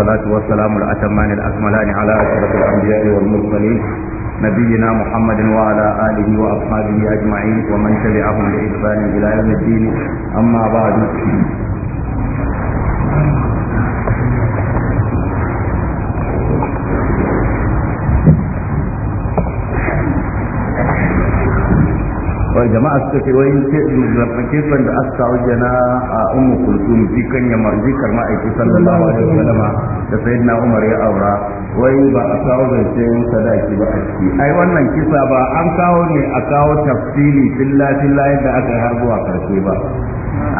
والصلاة والسلام الأتمان الأكملان على أشرف الأنبياء والمرسلين نبينا محمد وعلى آله وأصحابه أجمعين ومن تبعهم بإحسان إلى يوم الدين أما بعد sahabbai jama'a suka ce wai kisan da aka kawo jana a ummu kulsum zikan ya karma a sallallahu alaihi wasallam da sayyidina umar ya aura wai ba a kawo zancen sadaki ba a ciki ai wannan kisa ba an kawo ne a kawo tafsili filla filla yadda aka yi har zuwa karshe ba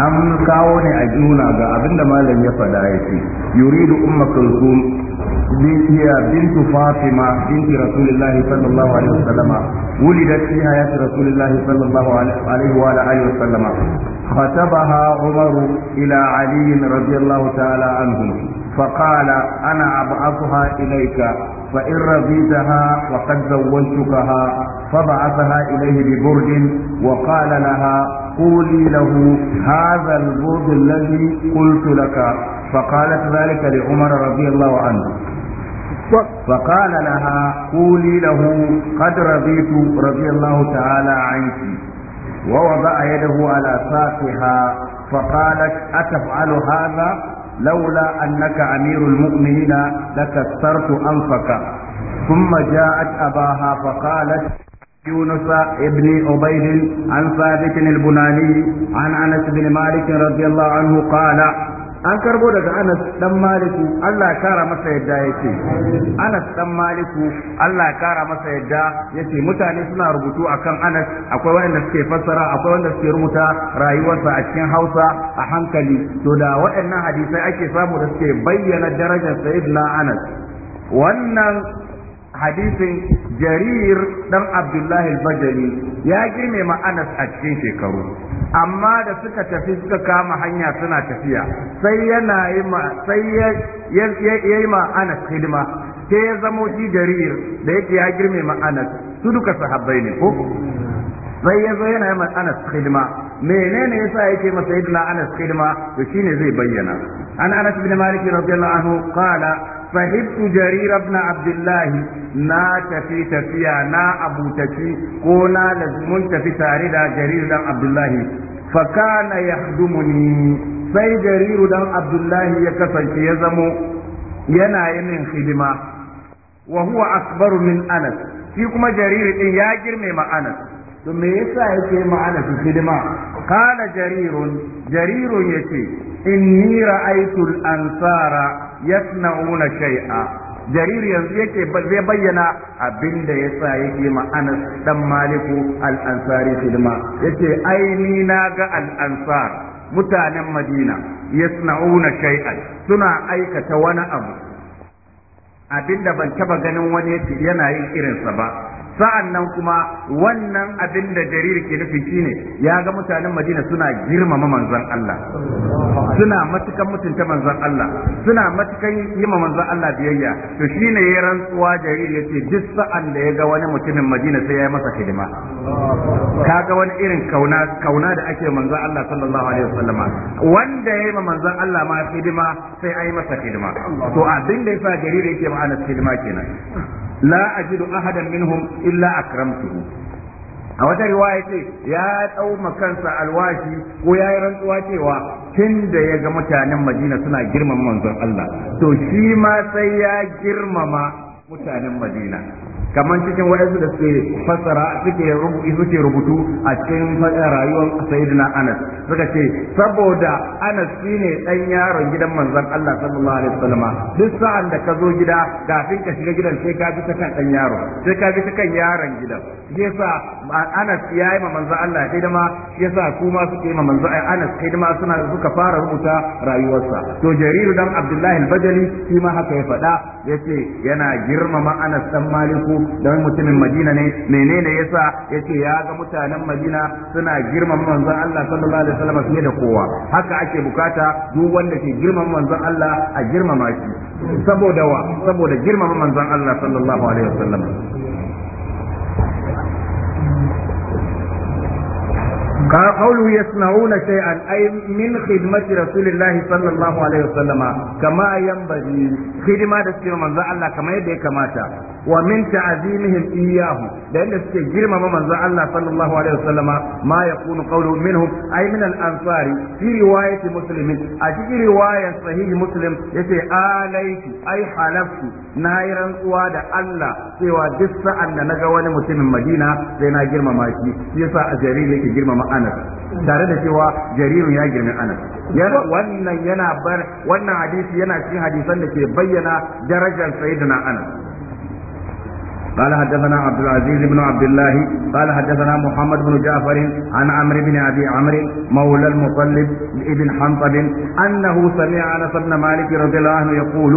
an kawo ne a juna ga abinda malam ya faɗa ya ce yuridu umma kulsum هي بنت فاطمة بنت رسول الله صلى الله عليه وسلم ولدت في حياة رسول الله صلى الله عليه وعلى آله وسلم خطبها عمر إلى علي رضي الله تعالى عنه فقال أنا أبعثها إليك فإن رضيتها فقد زوجتكها فبعثها إليه ببرد وقال لها قولي له هذا البرد الذي قلت لك فقالت ذلك لعمر رضي الله عنه فقال لها قولي له قد رضيت رضي الله تعالى عنك ووضع يده على ساقها فقالت أتفعل هذا لولا أنك أمير المؤمنين لكسرت أنفك ثم جاءت أباها فقالت يونس ابن عبيد عن ثابت البناني عن أنس بن مالك رضي الله عنه قال an karbo daga Anas dan Maliku Allah ya kara masa yadda yake Anas dan Maliku Allah ya kara masa yadda yake mutane suna rubutu akan Anas akwai waɗanda suke fassara akwai waɗanda suke rubuta rayuwarsa a cikin Hausa a hankali to da waɗannan hadisai ake samu da suke bayyana darajar Sayyidina Anas wannan hadisin jarir dan abdullahi bajali ya girme ma a cikin shekaru amma da suka tafi suka kama hanya suna tafiya sai yana yi ma sai ya yi ma anas hidima sai ya zamo shi jarir da yake ya girme ma su duka sahabbai ne ko sai ya zo yana yi ma anas hidima menene yasa yake ma sayyidina anas hidima to shine zai bayyana an anas bin malik radiyallahu anhu qala sahibtu jarir ibn abdullah na tafi tafiya na abutaci ko na mun tafi tare da jarir dan abdullah fa kana yahdumuni sai jarir dan abdullah ya kasance ya zamo yana min hidima wa huwa akbaru min anas shi kuma jarir ɗin ya girme ma to me yasa yake ma'ana su jaririn, jaririn jarirun jarirun yace inni ra'aytul ansara yasna'una shay'a jarir yanzu yake zai bayyana abinda yasa yake ma Anas dan Maliku al-Ansari filma yace aini na ga al-Ansar mutanen Madina yasna'una shay'a suna aikata wani abu abinda ban taba ganin wani yana yin irinsa ba sa'an nan kuma wannan abin da jarir ke nufi shine ya ga mutanen madina suna girmama manzon Allah suna matukan mutunta manzon Allah suna matukan yi ma manzon Allah biyayya to shine ya rantsuwa jariri yace duk sa'an da ya ga wani mutumin Madina sai ya yi masa hidima kaga wani irin kauna kauna da ake manzon Allah sallallahu alaihi wasallama wanda ya yi ma manzon Allah ma hidima sai ai masa hidima to abin da yasa jariri yake ma'ana ana hidima kenan la ajidu ahadan minhum illa akramtuhu a wata riwaya ce ya ɗauma kansa alwashi ko ya yi rantsuwa cewa tun da ya ga mutanen madina suna girmama manzon Allah to shi ma sai ya girmama mutanen madina kamar cikin waɗansu da suke fassara suke rubutu suke rubutu a cikin rayuwar sayyidina Anas suka ce saboda Anas shine dan yaron gidan manzon Allah sallallahu alaihi wasallam duk sa'an da ka zo gida kafin ka shiga gidan sai ka bi ta kan dan yaro sai ka bi ta kan yaron gidan yasa Anas ya yi ma manzon Allah hidima yasa su ma suke ma manzon eh, Anas hidima suna suka fara rubuta rayuwarsa to Jariru dan Abdullahi al-Bajali shi ma haka ya faɗa yace yana girmama Anas dan Maliku dan mutumin madina ne menene ya sa ya ce ya ga mutanen madina suna girmama manzon Allah sallallahu alaihi wasallam fiye da kowa haka ake bukata duk wanda ke girmama manzon Allah a girmama shi saboda wa saboda girmama manzon Allah sallallahu alaihi wasallam ga qawlu yasna'una shay'an ay min khidmati rasulillah sallallahu alaihi wasallama kama yanbaghi khidma da suke manzo Allah kamar yadda ya kamata wa min ta'zimihim iyyahu da yadda suke girmama manzo Allah sallallahu alaihi wasallama ma yakunu qawlu minhum ay min al-ansari fi riwayati muslim a cikin riwayar sahih muslim yace alayki ay halaftu na yi rantsuwa da Allah cewa duk sa'an da ga wani mutumin Madina sai na girmama shi yasa a jari yake girmama anas tare da cewa jaririn ya girmi anas wannan yana bar wannan hadisi yana cikin hadisan da ke bayyana darajar sayyidina anas قال حدثنا عبد العزيز بن عبد الله قال حدثنا محمد بن جعفر عن عمرو بن ابي عمرو مولى المطلب بن حنطب انه سمع انس بن مالك رضي الله عنه يقول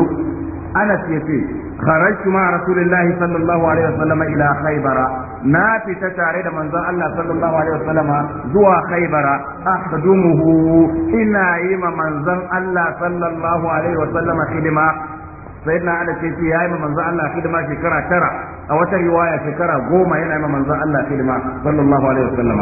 anas yace kharajtu ma rasulillahi sallallahu alaihi wasallam ila khaybara na fita tare da manzon Allah sallallahu alaihi wasallam zuwa khaybara ahdumuhu ina yi ma manzon Allah sallallahu alaihi wasallam khidma sayyidina anas ya yi ma manzon Allah khidma shekara tara a wata riwaya shekara goma yana ma manzon Allah khidma sallallahu alaihi wasallam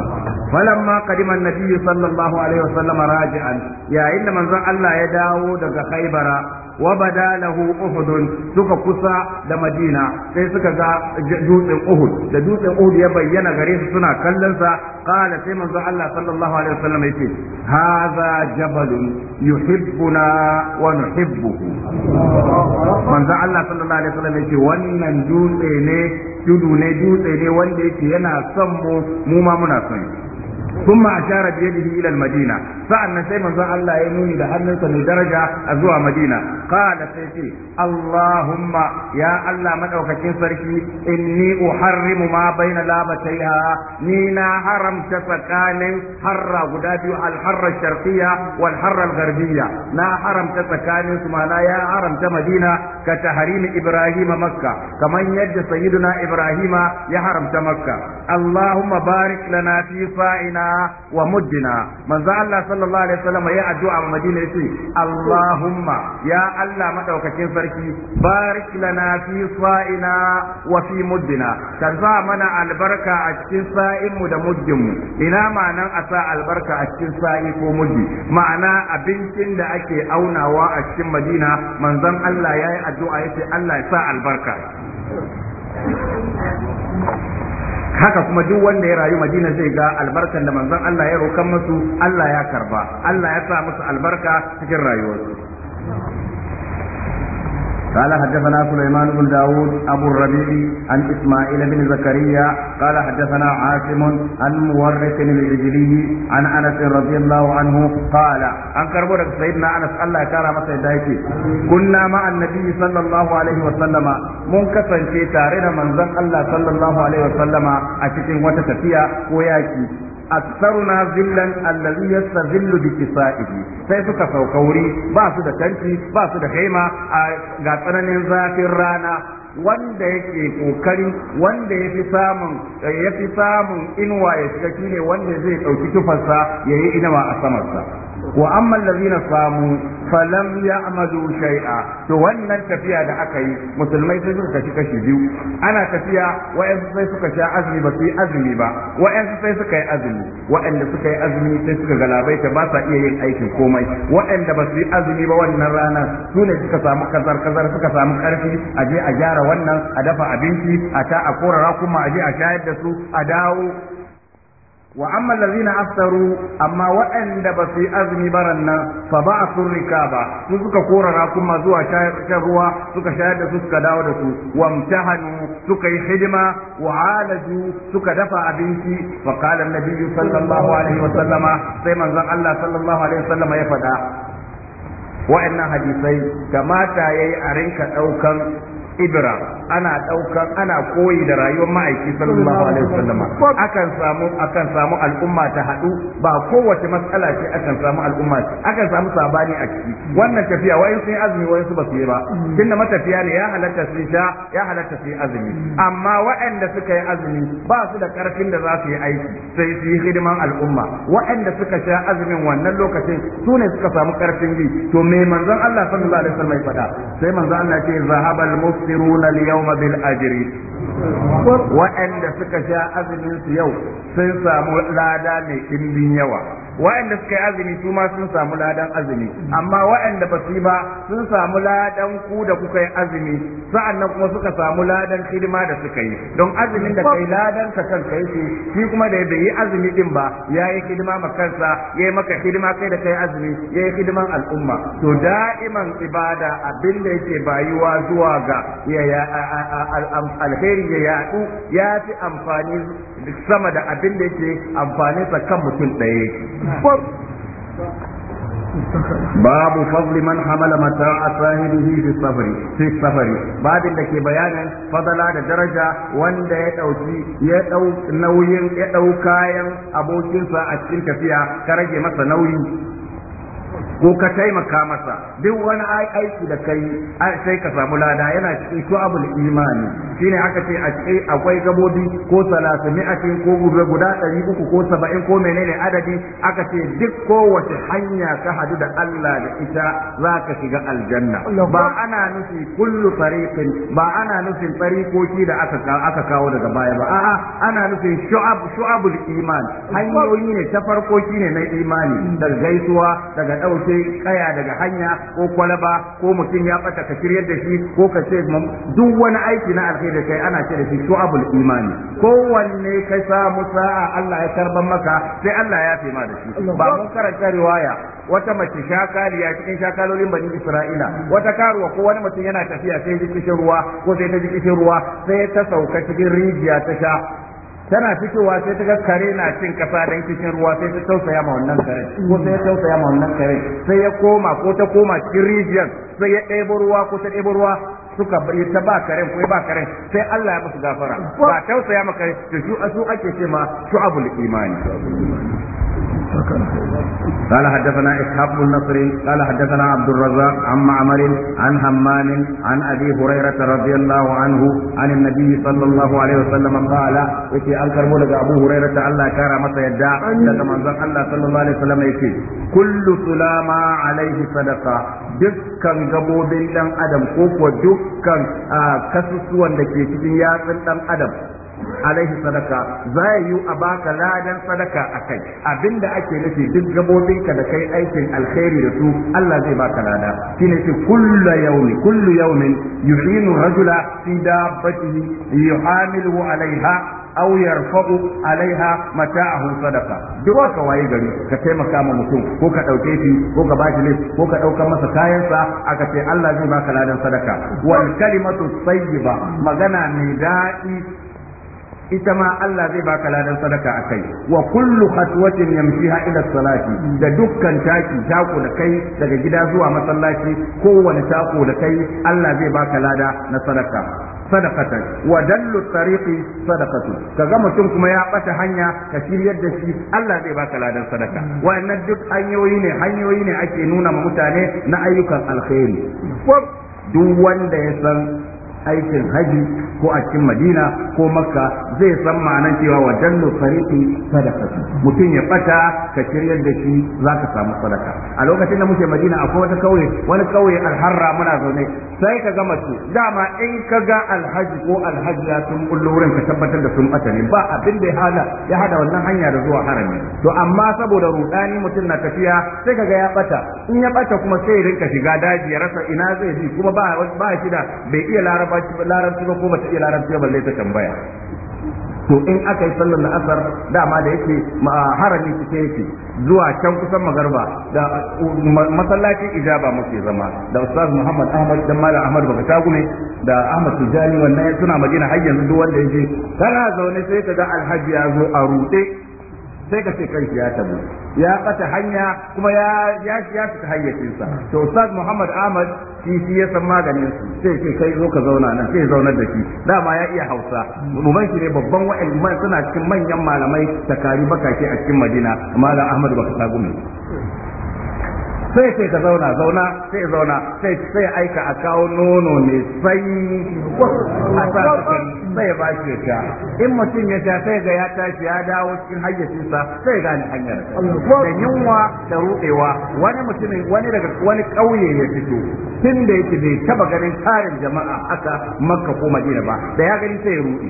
falamma qadima an-nabiy sallallahu alaihi wasallam raji'an yayin da manzon Allah ya dawo daga khaybara wa bada lahu uhud suka kusa da madina sai suka ga dutsen uhud da dutsen uhud ya bayyana gare su suna kallon sa qala sai manzo Allah sallallahu alaihi wasallam yace hadha jabalun yuhibbuna wa nuhibbuhu manzo Allah sallallahu alaihi wasallam yace wannan dutse ne tudu ne dutse ne wanda yake yana son mu mu ma muna son ثم أشار بيده إلى المدينة فأن سيما ذا الله ينوني لحنسا درجة أزوى مدينة قال سيتي اللهم يا الله من أوكتين سركي إني أحرم ما بين لابتيها نينا حرم تسكان حر غدابي الحر الشرقية والحر الغربية نا حرم تسكان ثم لا يا حرم تمدينة كتحريم إبراهيم مكة كمن يد سيدنا إبراهيم يا حرم مكة اللهم بارك لنا في صائنا na wa muddina manzo Allah sallallahu alaihi wasallam ya addu'a a Madina yace Allahumma ya Allah madaukakin sarki barik lana fi sa'ina wa fi muddina kanza mana albarka a cikin sa'in mu da muddin mu ina ma'anan asa albarka a cikin sa'i ko muddi ma'ana abincin da ake aunawa a cikin Madina manzon Allah yayi addu'a yace Allah ya sa albarka haka kuma duk wanda ya rayu Madina zai ga albarkan da manzon Allah ya rokan musu Allah ya karba Allah ya sa musu albarka cikin rayuwarsu قال حدثنا سليمان بن داود أبو الربيع عن إسماعيل بن زكريا قال حدثنا عاصم عن مورث العجلي عن أنس رضي الله عنه قال عن كربورة سيدنا أنس الله كان مسيدايك كنا مع النبي صلى الله عليه وسلم منكسا في تاريخ من الله صلى الله عليه وسلم أشكين وتتفيا وياكي أكثرنا ذلا الذي يستذل بكسائه sai suka sauka wuri ba su da tanti ba su da kaima a ga tsananin zafin rana wanda yake kokari wanda ya fi samun ya fi samun inuwa ya shiga shine wanda zai dauki tufarsa yayi inawa a samarsa wa amma allazina samu falam ya'malu shay'a to wannan tafiya da aka yi musulmai sun suka kashi kashi biyu ana tafiya wa'ansu sai suka sha azumi ba su yi azumi ba wa'ansu sai suka yi azumi wa'anda suka yi azumi sai suka galabaita ba sa iya yin aikin komai wa'anda ba su yi azumi ba wannan rana su ne suka samu kazar kazar suka samu karfi a je a gyara wannan a dafa abinci a ta a kora kuma a je a shayar da su a dawo wa amma allazina aftaru amma waɗanda ba su yi azumi baran nan fa ba a sun ba su suka kora rakuma zuwa shayar ruwa suka shayar da su suka dawo da su wa mtahanu suka yi hidima wa alaju suka dafa abinci fa qala annabi sallallahu alaihi wa sallama sai manzon Allah sallallahu alaihi wa sallama ya faɗa wa'annan hadisai kamata yayi a rinka ɗaukan ibra ana daukan ana koyi da rayuwar ma'aiki sallallahu alaihi wasallam akan samu akan samu al'umma ta hadu ba kowace matsala ce akan samu al'umma akan samu sabani a ciki wannan tafiya wai sai azumi wai su ba yi ba tunda matafiya ne ya halatta sun sha ya halatta yi azumi amma waɗanda suka yi azumi ba su da karfin da za su yi aiki sai su yi hidiman al'umma waɗanda suka sha azumin wannan lokacin su ne suka samu karfin bi to me manzon Allah sallallahu alaihi wasallam ya faɗa sai manzon Allah ya ce zahabal mufsiruna liyawm yawma suka sha azumin yau sun samu lada mai dimbin yawa wa'anda suka yi azumi su ma sun samu ladan azumi amma wa'anda ba su ba sun samu ladan ku da kuka yi azumi sa'annan kuma suka samu ladan hidima da suka yi don azumin da kai ladan ka kan kai shi shi kuma da bai yi azumi din ba ya yi hidima ma kansa ya yi maka hidima kai da kai azumi ya yi hidiman al'umma to da'iman ibada abin da yake bayuwa zuwa ga alheri ya yaɗu ya fi amfani sama da abin da yake amfaninsa kan mutum ɗaya babu fadli man hamala mata a sahibihi fi safari fi safari babin da ke bayanin fadala da daraja wanda ya dauki ya dau nauyin ya dau kayan abokinsa a cikin tafiya ka rage masa nauyi ko ka taimaka masa duk wani aiki da kai sai ka samu lada yana cikin shu'abul imani shine aka ce a cikin akwai gabobi ko cikin ko gube guda ɗari uku ko saba'in ko menene adadi aka ce duk kowace hanya ka hadu da Allah da ita za ka shiga aljanna ba ana nufi kullu tariqin ba ana nufin tsarikoki da aka kawo daga baya ba a'a ana nufin shu'ab shu'abul iman hanyoyi ne ta farkoki ne na imani daga gaisuwa daga ɗauke ce kaya daga hanya ko kwalaba ko mutum ya bata ka shiryar da shi ko ka ce duk wani aiki na alkhairi kai ana ce da shi abul imani kowanne ka samu sa'a Allah ya karban maka sai Allah ya fima da shi ba mun karanta riwaya wata mace shakaliya cikin shakalolin bani Isra'ila wata karuwa ko wani mutum yana tafiya sai ji kishin ruwa ko sai ta ji kishin ruwa sai ta sauka cikin rijiya ta sha tana fitowa sai ta ga kare na cin kasa don cikin ruwa sai ta tausaya ma wannan kare ko sai ta tausaya ma wannan kare sai ya koma ko ta koma cikin rijiyar sai ya ɗebo ruwa ko ta ɗebo ruwa suka bari ta ba karen ko ba karen sai Allah ya musu gafara ba tausaya ma kare to su ake ce ma shu'abul imani قال حدثنا إسحاق بن نصر قال حدثنا عبد الرزاق عن معمر عن همام عن أبي هريرة رضي الله عنه عن النبي صلى الله عليه وسلم قال إتي أنكر مولد أبو هريرة الله كرم سيدع لكما أنزل الله صلى الله عليه وسلم يتي كل سلام عليه صدقة dukkan gabobin dan adam ko kuwa dukkan kasusuwan da ke cikin yatsun dan adam alaihi sadaka za yi a baka ladan sadaka a kai abinda ake nufi duk gabobinka da kai aikin alkhairi da su Allah zai baka lada shine ce kullu yawmi kullu yawmin yuhinu rajula fi dabbatihi yuhamilu alaiha aw yarfa'u alaiha mata'ahu Sadaka. duk wanda waye gari ka taimaka ma mutum ko ka dauke shi ko ka bashi ne ko ka dauka masa kayansa aka ce Allah zai baka ladan sadaka wal kalimatu tayyiba magana mai daɗi ita ma Allah zai baka ladan sadaka a kai wa kullu khatwatin yamshiha ila salati da dukkan taki taku da kai daga gida zuwa masallaci kowane tako da kai Allah zai baka lada na sadaka sadakatan wa dallu tariqi sadakatu kaga mutum kuma ya bata hanya ka shiryar da shi Allah zai baka ladan sadaka wa'annan duk hanyoyi ne hanyoyi ne ake nuna ma mutane na ayyukan alkhairi duk wanda ya san aikin haji ko a cikin madina ko makka zai san ma'anar cewa wa jannu fariqi sadaka mutum ya bata ka shiryar da shi zaka samu sadaka a lokacin da muke madina akwai wata kauye wani kauye alharra muna zaune sai ka ga mace dama in ka ga alhaji ko ya sun kullu wurin ka tabbatar da sun bata ne ba abin da ya hada ya hada wannan hanya da zuwa harami to amma saboda rudani mutum na tafiya sai ka ga ya bata in ya bata kuma sai ya rinka shiga daji ya rasa ina zai bi kuma ba ba shi da bai iya larabci ba ko bata iya larabci balle ta tambaya to in aka yi sallar la'asar dama da yake harami cike yake zuwa can kusan magarba da masallacin ijaba muke zama da ustaz muhammad ahmad dan malam ahmad baka tagume da ahmad tijani wannan suna madina har yanzu duk wanda yake kana zaune sai ka ga alhaji ya zo a rude sai ka ce kanshi ya tabu ya ɓata hanya kuma ya ya ya fita hayyacinsa to Ustaz Muhammad Ahmad shi shi ya san maganin su sai ce kai zo ka zauna nan sai zaunar da shi dama ya iya Hausa mu shi ne babban wa'in suna cikin manyan malamai takari bakake a cikin Madina Malam Ahmad baka gumi. sai sai ka zauna zauna sai zauna sai sai aika a kawo nono ne sai a sai ya bashi ya in mutum ya ta sai ga ya tashi ya dawo cikin hayyacinsa sai gane hanyar da yunwa da rudewa wani mutumin wani daga wani kauye ya fito tun da yake bai taba ganin tarin jama'a haka makka ko madina ba da ya gani sai ya ruɗe?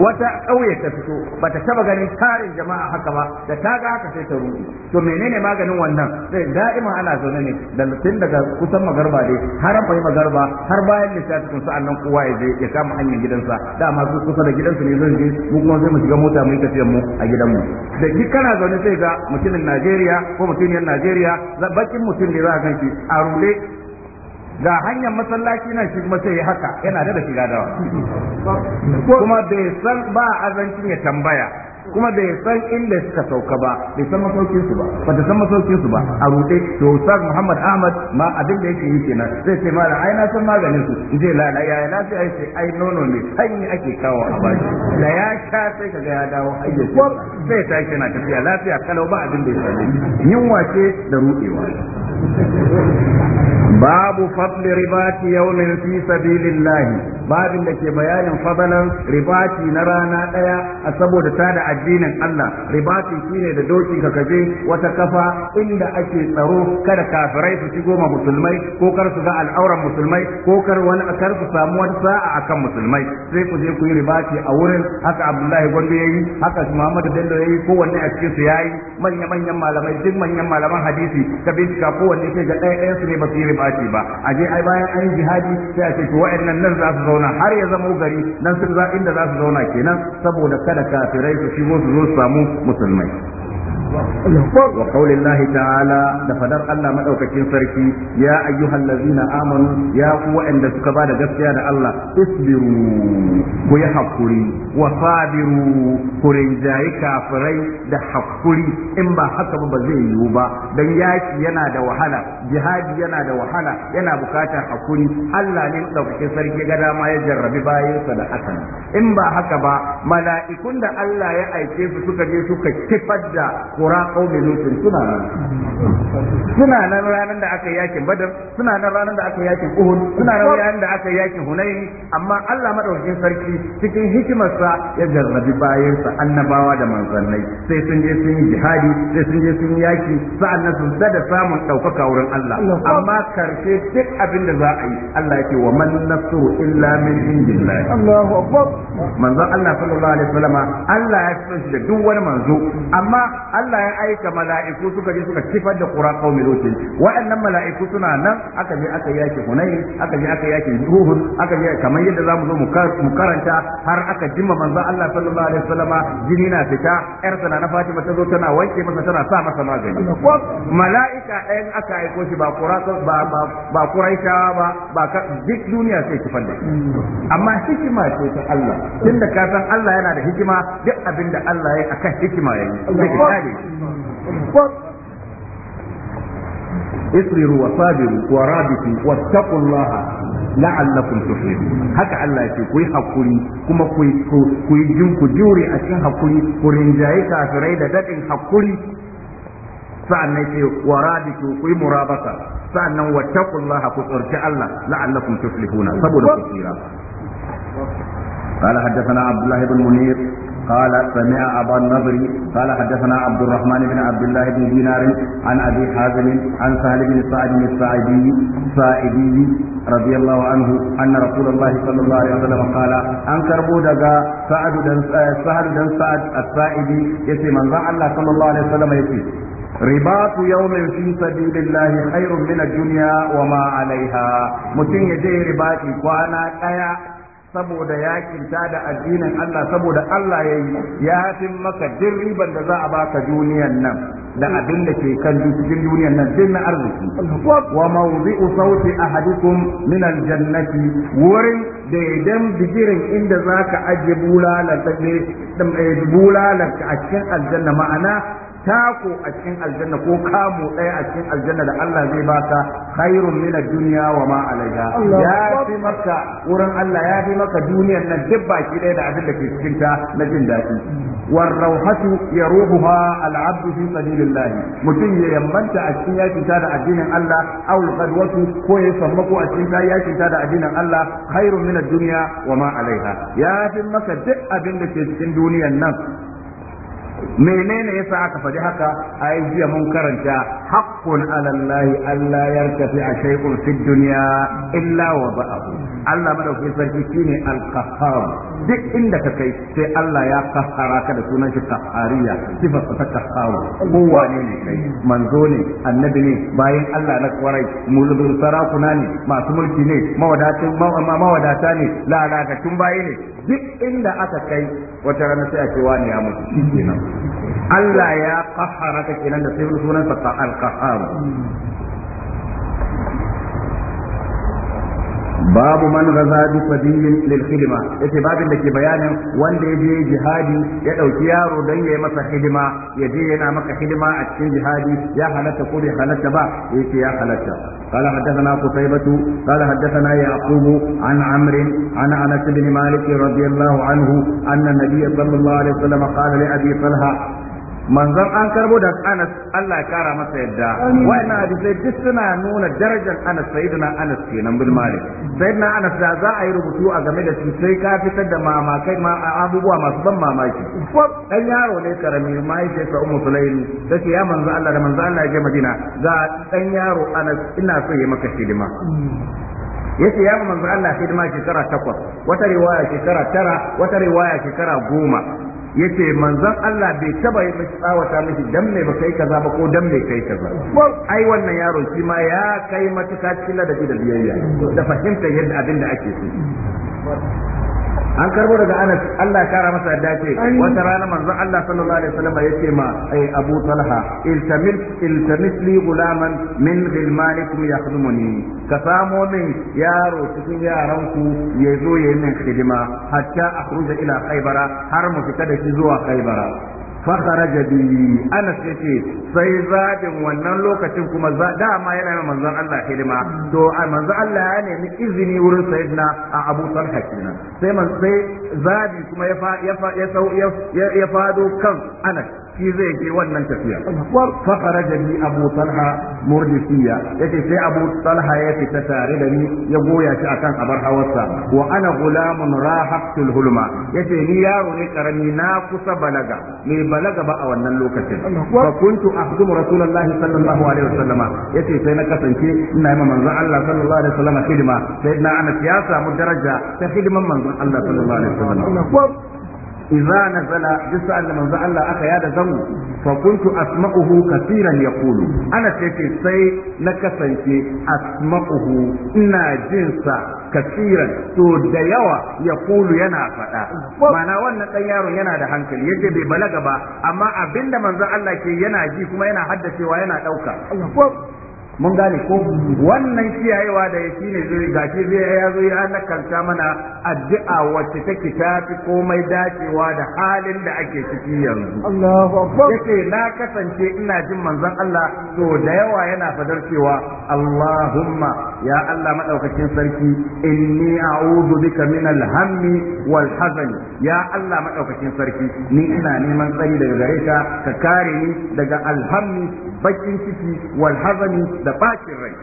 wata kauye ta fito bata taba ganin tarin jama'a haka ba da ta ga haka sai ta rudi to menene maganin wannan sai da'ima ana zaune ne da tun daga kusan magarba dai har bai magarba har bayan lissafi kun sa'an kowa ya je ya kama hanyar gidansa dama masu kusa da gidansu ne zan je mu kuma sai mu shiga mota mu yi tafiyar mu a gidanmu da ki kana zaune sai ga mutumin Najeriya ko mutumin Najeriya bakin mutum ne za a ganki a rure ga hanyar masallaci na shi kuma sai ya haka yana da shiga dawa kuma bai san ba azancin ya tambaya kuma bai san inda suka sauka ba bai san masaukin su ba ba ta san masaukin su ba a rute to Ustaz Muhammad Ahmad ma abin da yake yi kenan sai ce mala ai na san maganin su je la la ya na sai ai ai nono ne sanyi ake kawo a baki da ya sha sai kaga ya dawo hayya ko sai ta kina tafiya lafiya kalau ba abin da yake sani yunwa ce da rudewa babu fadli ribati yawmin fi sabilillah babin da ke bayanin fadalan ribati na rana daya a saboda ta addinin Allah ribati shine da doki ka kaje wata kafa inda ake tsaro kada kafirai su shigo ma musulmai ko kar su ga al'auran musulmai ko kar wani akar su samu wani sa'a akan musulmai sai ku je ku yi ribati a wurin haka Abdullahi Gombe yayi haka Muhammadu Bello yayi ko wanne a cikin su yayi manya manyan malamai duk manyan malaman hadisi ka bincika ko wanne ke ga ɗaya ɗayan su ne ba su yi ribati ba a je ai bayan an jihadi sai a ce ku wa'annan nan za su zauna har ya zama gari nan sun za inda za su zauna kenan saboda kada kafirai su shigo shigo zo su samu musulmai وقول الله تعالى لفدر الله مدوكين سركي يا أيها الذين آمنوا يا قوة أن تكبا لجسيا الله اصبروا ويحفري وصابروا كرنجاي كافري دحفري إما حسب بزي يوبا دنياك ينا دوحلا جهاد ينا دوحلا ينا بكاتا حقري الله لمدوكين سركي قد ما يجرب باي صدحة إما حسب ملائكون الله يأيكي سكا جي سكا كفدا qura qaumi lutin suna nan suna nan ranar da aka yakin badar suna nan ranar da aka yakin uhud suna nan ranar da aka yakin hunaini amma Allah madaukakin sarki cikin hikimarsa ya jarrabi bayansa annabawa da manzannai sai sun je sun yi jihadi sai sun je sun yaki sa'an sa'annan sun da samun daukaka wurin Allah amma karshe duk abin da za a yi Allah yake wa man nasru illa min indillah Allahu akbar manzon Allah sallallahu alaihi wasallama Allah ya fito da duk wani manzo amma Allah ya aika mala'iku suka je suka kifar da qura qaumi lokacin wa'annan mala'iku suna nan aka je aka yaki hunayn aka je aka yaki ruhun aka je kamar yadda zamu zo mu karanta har aka jima manzon Allah sallallahu alaihi wasallama jini na fita yar sana na Fatima ta zo tana wanke masa tana sa masa magani mala'ika ɗayan aka aiko shi ba qura ba ba quraisha ba ba duk duniya sai kifar da amma hikima ce ta Allah tunda ka san Allah yana da hikima duk abin da Allah ya akan hikima yayi اصبروا وصابروا ورابطوا واتقوا الله la'allakum tuflihun haka Allah ce ku yi kuma ku ku yi jure a cikin hakuri ku rinjaye kafirai da dadin hakuri sa'annan ce warabitu ku yi murabaka sa'annan wattaqullaha ku tsorci Allah la'allakum tuflihuna saboda ku tsira قال حدثنا عبد الله بن منير قال سمع أبا النضر قال حدثنا عبد الرحمن بن عبد الله بن دينار عن أبي حازم عن سهل بن سعد الساعدي ساعدي رضي الله عنه أن رسول الله صلى الله عليه وسلم قال أن كربو دقا سعد دن سهل دن سعد الساعدي يتي من الله صلى الله عليه وسلم يتي رباط يوم في سبيل الله خير من الدنيا وما عليها متين يجي رباطي وانا ايا saboda yakin ta da addinin Allah saboda Allah ya yi ya hafin maka duk riban da za a baka duniyan nan da abin da ke kan cikin duniyan nan din na arziki wa mawdi'u sauti ahadikum min aljannati wurin idan bigirin inda zaka aje bulalar da eh, bulalar a cikin aljanna ma'ana tako a cikin aljanna ko kamo ɗaya a cikin aljanna da Allah zai ka khairun min ad-dunya wa ma ya fi maka wurin Allah ya fi maka duniyar nan duk baki ɗaya da abin da ke cikin ta na jin daɗi war rauhatu yaruhuha al-abd fi sabilillah mutum ya yambanta a cikin yakin ta da addinin Allah aw al-qadwatu ko ya sammako a cikin ta yakin ta da addinin Allah khairun min ad-dunya wa ma alaiha ya fi maka duk abin da ke cikin duniyar nan menene yasa aka faɗi haka ai jiya mun karanta haqqun ala allahi alla yartafi a shay'un fid dunya illa wa ba'ahu Allah madaukakin sarki shine al-qahhar duk inda ka kai sai Allah ya kahara ka da sunan shi qahariya sifar ta qahhar kowa ne ne kai manzo ne annabi ne bayan Allah na kwarai mulkin sarakuna ne masu mulki ne mawadatin mawadata ne lalakacin bayi ne duk inda aka kai wata rana sai a ce wani ya mutu Allah ya qahara ka kenan da sai sunan sa al-qahhar babu man gaza bi fadiyin lil khidma yace babin da ke bayanin wanda ya je jihadi ya ɗauki yaro dan ya yi masa hidima ya je yana maka hidima a cikin jihadi ya halatta ko bai halatta ba yace ya halatta قال حدثنا قتيبة قال حدثنا يعقوب عن عمرو عن انس بن مالك رضي الله عنه ان النبي صلى الله عليه وسلم قال لابي طلحه manzon an karbo da Anas Allah ya kara masa yadda wannan hadisai duk suna nuna darajar Anas sayyidina Anas kenan bil Malik sayyidina Anas da za a yi rubutu a game da shi sai ka fitar da mamakai ma abubuwa masu ban mamaki ko dan yaro ne karami mai sai sa Ummu Sulaim take ya manzon Allah da manzon Allah ya je Madina ga dan yaro Anas ina so ya maka hidima hmm. yace ya manzo Allah hidima shekara takwas wata riwaya shekara tara wata riwaya shekara goma yace manzon Allah bai taba yi mishi tsawata miki dan mai ba kai kaza ba ko dan mai kai kaza ko ai wannan yaro shi ma ya kai matuka cikin ladabi da biyayya da fahimtar yadda abin da ake so an karbo daga Anas Allah ya kara masa yadda ce wata rana manzon Allah sallallahu alaihi wasallam ya ce ma ai Abu Talha iltamis iltamis li gulaman min ghilmanikum yakhdumuni ka samo min yaro cikin yaran ku ya zo yayin min hidima hatta akhruja ila khaybara har mu fita da shi zuwa khaybara fakharaja anas yace sai zabin wannan lokacin kuma dama yana yin manzon Allah hidima to manzon Allah ya nemi izini wurin sayyidina a Abu Talha kenan sai man sai zabi kuma ya ya ya fado kan anas shi zai je wannan tafiya fa kharaja bi abu talha murdisiya yace sai abu talha ya fita tare da ni ya goya shi akan abar hawarsa wa ana gulamun rahaqtul hulma yace ni yaro ne karami na kusa balaga me balaga ba a wannan lokacin fa kuntu ahdumu rasulullahi sallallahu alaihi wasallama yace sai na kasance ina yi manzon Allah sallallahu alaihi wasallama hidima sai na ana ya samu daraja ta hidiman manzon Allah sallallahu alaihi wasallama idza nazala bisa da manzo Allah aka yada zango fa kuntu asma'uhu kaseeran yaqulu ana tace sai na kasance asma'uhu ina jinsa kasiran, to da yawa yaqulu yana faɗa, mana wannan dan yaron yana da hankali yace bai balaga ba amma abinda manzo Allah ke yana ji kuma yana haddacewa yana ɗauka. mun gane ko wannan kiyayewa da ya shine zai gashi zai ya zo ya nakanta mana addu'a wacce take tafi komai dacewa da halin da ake ciki yanzu yace na kasance ina jin manzon Allah to da yawa yana fadar cewa Allahumma ya Allah madaukakin sarki inni a'udhu bika min al wal hazani ya Allah madaukakin sarki ni ina neman tsari daga gare ka ka kare ni daga alhammi bakin ciki wal da bakin rai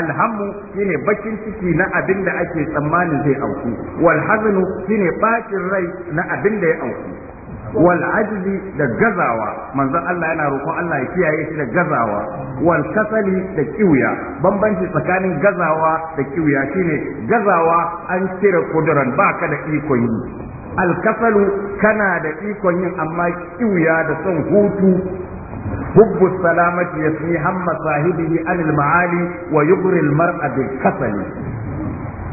alhamu shine bakin ciki na abin da ake tsammanin zai auku wal hazanu shine bakin rai na abin da ya auku wal da gazawa manzon Allah yana roƙon Allah ya kiyaye shi da gazawa wal da kiwiya bambanci tsakanin gazawa da kiwiya shine gazawa an cire kuduran baka da ikon yi alkasalu kana da ikon yin amma kiwiya da son hutu حب السلامة يثني هم صاحبه عن المعالي ويغري المرء بالكسل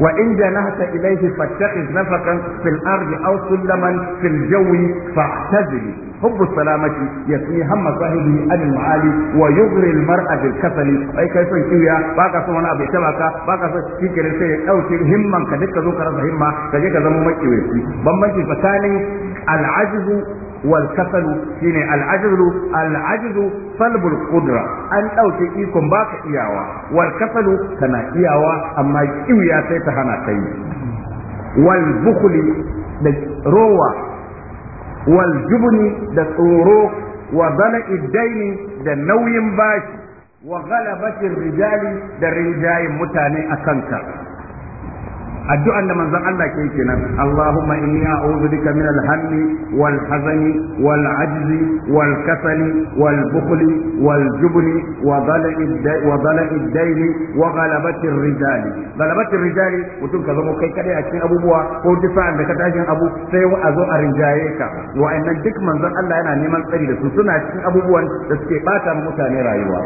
وإن جنحت إليه فاتخذ نفقا في الأرض أو سلما في الجو فاعتزل حب السلامة يثني هم صاحبه عن المعالي ويغري المرء بالكسل أي كيف يسوي باقا سوى أنا أبي شبكة باقا سوى شكر سيء أو شيء همما كذلك ذكر همة كذلك ذمو مكي ويسي بمجي فكاني العجز wal kasalu shine al ajzu al an dauke ikon baka iyawa wal kasalu kana iyawa amma kiwiya sai ta hana kai wal bukhli da rowa wal da tsoro wa bala'i daini da nauyin bashi wa ghalabatir rijali da rinjayin mutane a kanka addu'an da manzon Allah ke kenan Allahumma inni a'udhu bika min al-hammi wal hazani wal ajzi wal kasali wal bukhli wal jubni wa dala'i wa dala'i dayni wa ghalabati ar-rijal ghalabati ar-rijal mutum ka zama kai kadai a cikin abubuwa ko duk da ka tashin abu sai a zo a rinjaye ka wa'annan duk manzon Allah yana neman tsari da su suna cikin abubuwan da suke bata mutane rayuwa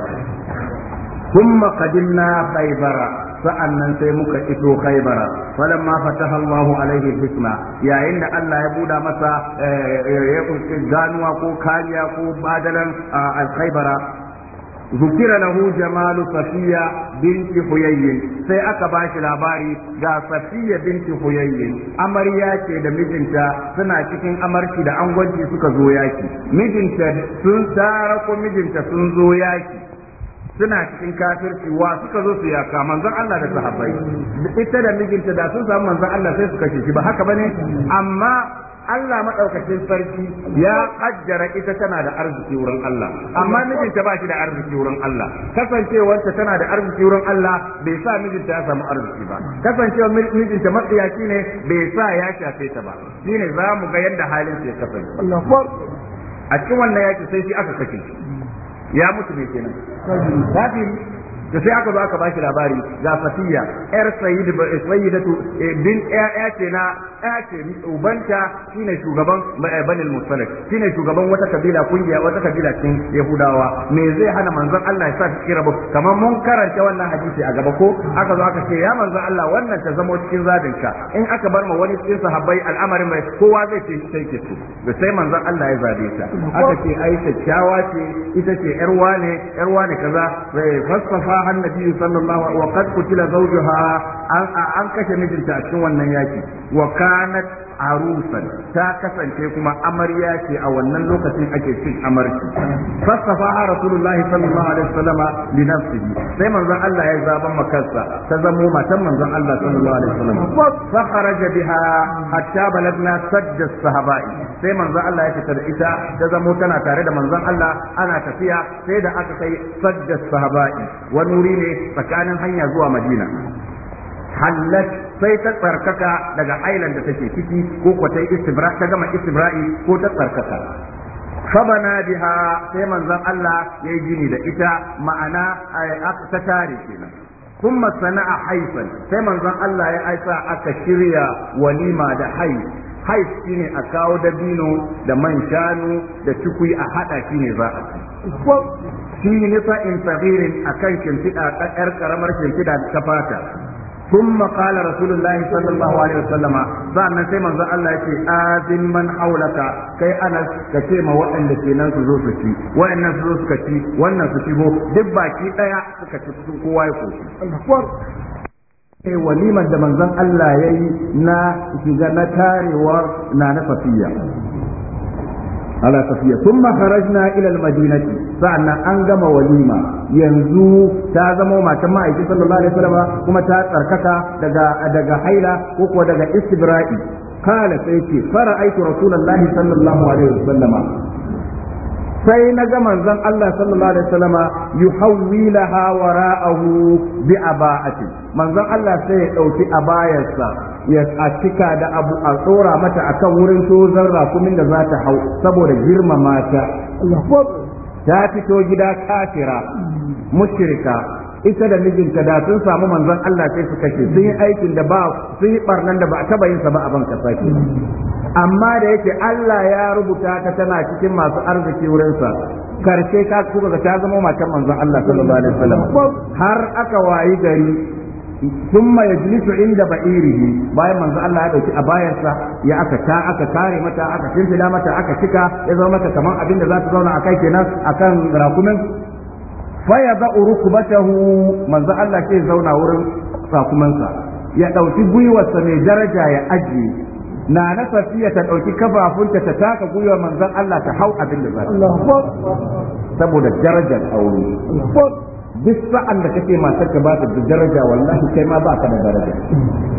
ثم قدمنا خيبر sa'annan sai muka iso khaybara falamma fataha Allahu alaihi hikma yayin da Allah ya buda masa eh, ya ganuwa ko kariya ko badalan al-khaybara zukira huje malu Safiya binti حيي sai aka ba shi labari ga safiya binti huyayyin amarya ce da mijinta suna cikin amarci da angwanci suka zo yaki mijinta sun tara ko mijinta sun zo yaki suna cikin kafirci wa suka zo su yaka manzon Allah da sahabbai ita da mijinta da sun samu manzon Allah sai su kashe shi ba haka bane amma Allah madaukakin sarki ya kaddara ita tana da arziki wurin Allah amma mijinta ba shi da arziki wurin Allah kasancewarta tana da arziki wurin Allah bai sa mijinta ya samu arziki ba kasancewar mijinta matsiyaci ne bai sa ya shafe ta ba shine za mu ga yadda halin ya kasance a cikin wannan yaki sai shi aka kashe ya mutu ne kenan kafiri da sai aka zo aka bashi labari ga fatiya yar sayyid eh, sayyidatu eh, bin ya ce na ya ce ubanta shine shugaban eh, banil musalik shine shugaban wata kabila kungiya wata kabila cikin yahudawa me zai hana manzon Allah ya sa shi kira kamar mun karanta wannan hadisi a gaba ko aka zo aka ce ya manzon Allah wannan ta zama cikin zabin ka in aka bar ma wani cikin sahabbai al'amarin mai kowa zai ce sai ke su da sai manzon Allah ya zabe ta aka ce ai kyakkyawa ce ita ce yar wane yar wane kaza sai fasfafa an nabi sallallahu alaihi wa qad qutila zawjuha an an kashe mijinta a cikin wannan yaki wa kanat arusan ta kasance kuma amarya ce a wannan lokacin ake cin amarci fasafa rasulullahi sallallahu alaihi wasallam li nafsihi sai manzon Allah ya zaban makarsa ta zamo matan manzon Allah sallallahu alaihi wasallam fa kharaja biha hatta balagna sajda sahabai sai manzon Allah ya fita da ita ta zamo tana tare da manzon Allah ana tafiya sai da aka kai sajda sahabai wa wani wuri ne tsakanin hanya zuwa madina hallat sai ta tsarkaka daga hailan da take ciki ko ko ta gama istibra'i ko ta tsarkaka fabana biha sai manzon Allah ya yi gini da ita ma'ana ta tare kenan Kun sana'a haifan sai manzon Allah ya aisa aka shirya walima da haif haif shine a kawo dabino da man shanu da cikui a haɗa shine za a ci fi nisa'in saghirin akan shimfiɗa ƙar karamar shimfiɗa ta fata ثم قال رسول الله صلى الله عليه وسلم زعنا sai manzo Allah yake azin man kai ana ka ce ma waɗanda ke su zo su ci waɗannan su zo wannan su shigo duk baki daya suka ci ya walimar da manzon Allah yi na shiga na tarewar na na safiya ala safiya thumma kharajna ila al-madinati sa'annan an gama walima yanzu ta zama matan ma'aiki sallallahu alaihi wasallam kuma ta tsarkaka daga daga haila ko kuwa daga istibra'i kala sai ce fara aiki rasulullahi sallallahu alaihi wasallam sai na ga manzon Allah sallallahu alaihi wasallam yuhawwilaha wara'ahu bi aba'ati manzon Allah sai ya dauki abayarsa ya a cika da abu a tsora mata akan wurin tozon rakumin da za ta hau saboda girmama ta ta fito gida kafira mushrika ita da mijinta da sun samu manzon Allah sai su kashe sun yi aikin da ba sun yi barnan da ba a taba yin sa ba a banka sake amma da yake Allah ya rubuta ta tana cikin masu arziki wurinsa karshe ka kuka ta zama matan manzon Allah sallallahu alaihi wasallam har aka wayi gari ya yajlisu inda ba'irihi bayan manzo Allah ya dauki abayarsa ya aka ta aka kare mata aka shimfida mata aka cika ya zama mata kamar abin da za ta zauna akai kenan kan rakumin fa ya za'u hu manzo Allah ke zauna wurin rakumansa ya dauki gwiwarsa mai daraja ya ajiye na na safiya ta dauki kafafunta ta taka gwiwar manzan Allah ta hau abin da za ta saboda darajar aure duk sa'an da kake matar ka ba ta da daraja wallahi kai ma ba ka da daraja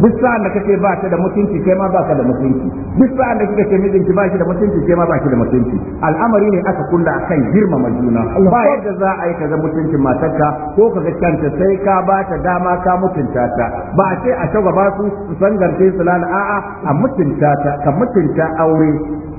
duk sa'an da kake ba ta da mutunci kai ma ba ka da mutunci duk sa'an da kake mijinki ba shi da mutunci kai ma ba shi da mutunci al'amari ne aka kulla akan girmama juna ba yadda za a yi ka ga mutuncin ka ko ka ga kanta sai ka ba ta dama ka mutunta ta ba a ce a shagaba su su sangarce su lana a'a a mutunta ta ka mutunta aure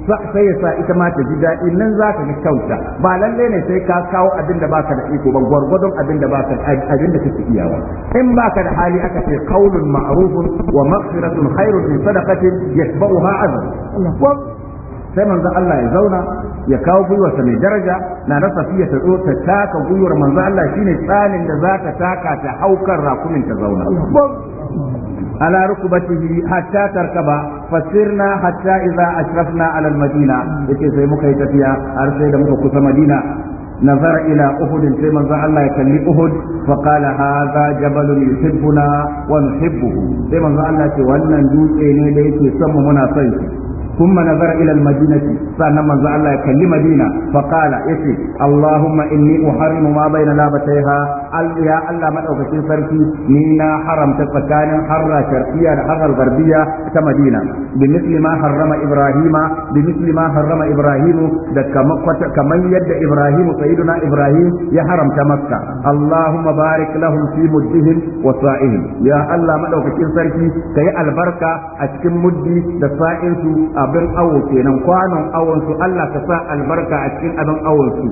sai ya sa ita ma ta ji daɗi nan za ka ga kyauta ba lalle ne sai ka kawo abin da baka da iko ba gwargwadon abin da baka abin da kake iya ba in baka da hali aka ce qaulun ma'ruf wa maghfiratun khairun min sadaqatin yashba'uha azab sai manzo Allah ya zauna ya kawo gwiwarsa mai daraja na na safiya ta zo ta taka gwiwar manzo Allah shine tsanin da zaka taka ta haukar rakumin ta zauna على ركبته حتى تركب فسرنا حتى إذا أشرفنا على المدينة يتي سي فيها تفيا أرسيد مكي مدينة نظر إلى أهد في منظر الله يكلي أهد فقال هذا جبل يحبنا ونحبه في منظر الله تولنا نجوز إليه ليكي سمو منا صيفي ثم نظر إلى المدينة فأنا من الله يكلم مدينة فقال يسي اللهم إني أحرم ما بين لابتيها يا الله ما أوكسين سركي نينا حرم تتكان حرة شرقية حرة الغربية كمدينة بمثل ما حرم إبراهيم بمثل ما حرم إبراهيم كمن يد إبراهيم سيدنا إبراهيم يا حرم مكة اللهم بارك لهم في مدهم وصائهم يا الله ما أوكسين سركي كي البركة أشكم مدي دسائنسو abin awo kenan kwanon awon su Allah ka sa albarka a cikin abin awon su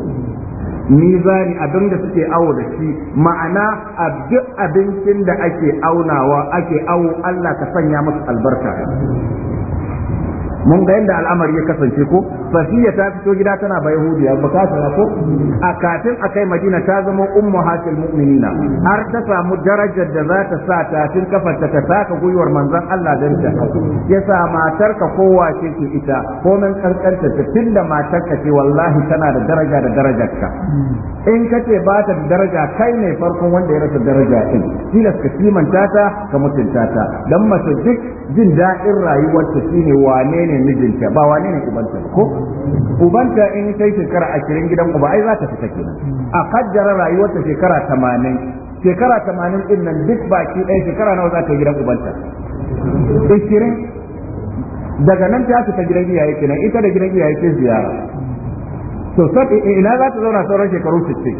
mizani abin da suke awo da shi ma'ana duk abincin da ake aunawa ake awo Allah ka sanya masa albarka mun ga yadda al'amari ya kasance ko safiya ta fito gida tana ba yahudiya ba ka ko a kafin a kai madina ta zama ummu hatil mu'minina har ta samu darajar da za ta sa tafin kafarta ta saka gwiwar manzon Allah dan ta matar matarka kowa ce ki ita ko men kankanta ta tunda matarka ce wallahi tana da daraja da darajarka in ka ce ba ta da daraja kai ne farkon wanda ya rasa daraja din tilas ka kimanta ta ka mutunta ta dan mace duk jin daɗin rayuwarta shine wane ne mijinta ba wane ne ubanta ko ubanta in sai shekara ashirin gidan uba ai za ta fita kenan a kaddara rayuwarta shekara tamanin shekara tamanin din nan duk baki ɗaya shekara nawa za ta yi gidan ubanta ashirin daga nan ta fita gidan iyaye kenan ita da gidan iyaye ke ziyara to sai eh, ina za ta zauna sauran shekaru sitte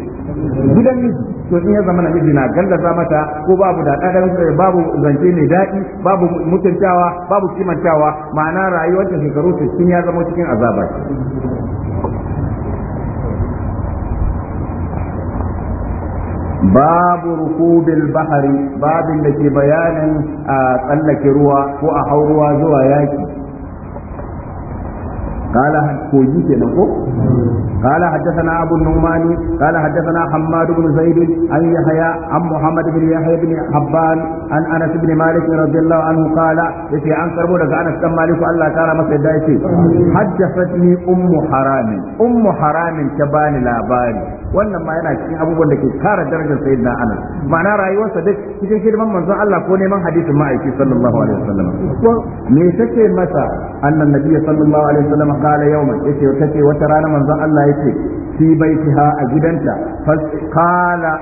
gidan miji to in ya zama na miji na gallaza mata ko babu da dadan babu zance mai daɗi babu mutuntawa babu kimantawa ma'ana rayuwar ta shekaru sittin ya zama cikin azaba babu rukubil bahari babin da ke bayanin a tsallake ruwa ko a hau ruwa zuwa yaki قال كوجي كنكو قال حدثنا ابو النعمان قال حدثنا حماد بن زيد عن يحيى عن محمد بن يحيى بن حبان عن انس بن مالك رضي الله عنه قال يتي عن كربو daga Anas dan Malik Allah kara masa yadda yake haddathatni ummu haramin ummu haramin ta bani labari wannan ma yana cikin abubuwan da ke kara darajar sayyidina Anas ma'ana rayuwarsa duk cikin hidiman manzon Allah ko neman hadisin ma'aiki sallallahu alaihi wasallam me take masa annan nabiyyi sallallahu alaihi wasallam qala yawman yace tace wata rana manzon Allah yace fi baitiha a gidanta fa qala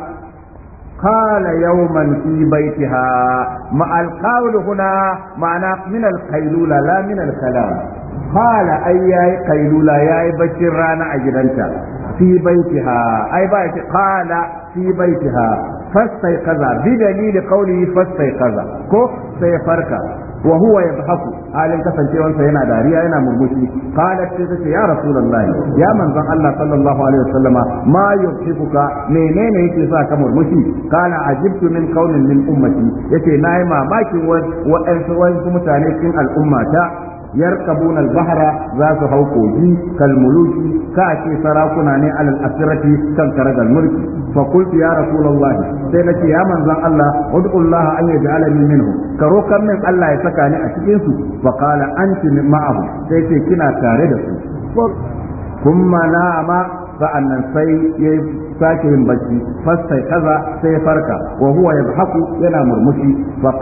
qala yawman fi baitiha ma al qawl ma'ana min al qailula la min al kalam qala ay yayi qailula baccin rana a gidanta fi baitiha ai ba yace qala fi ko sai farka wa huwa yadhaku halin kasancewansa yana dariya yana murmushi qalat sai tace ya rasulullahi ya manzon Allah sallallahu alaihi wasallama ma yubsikuka menene yake sa ka murmushi kana ajibtu min qaumin ya ummati yace nayi mamakin wa'ansu mutane cikin al'ummata Yar Kabunal bahra za su hau kogi kal muluki ka ce sarakuna ne alal asirati kan karagal mulki fa qultu ya rasulullah sai na ce ya manzon Allah ud'ullaha an ya yaj'alani minhu karo kan min Allah ya saka ni a cikinsu. su fa qala anti ma'ahu sai ce kina tare da su kuma na'ama sa'annan sai ya sake yin bacci fastai kaza sai farka wa huwa yadhaku yana murmushi fa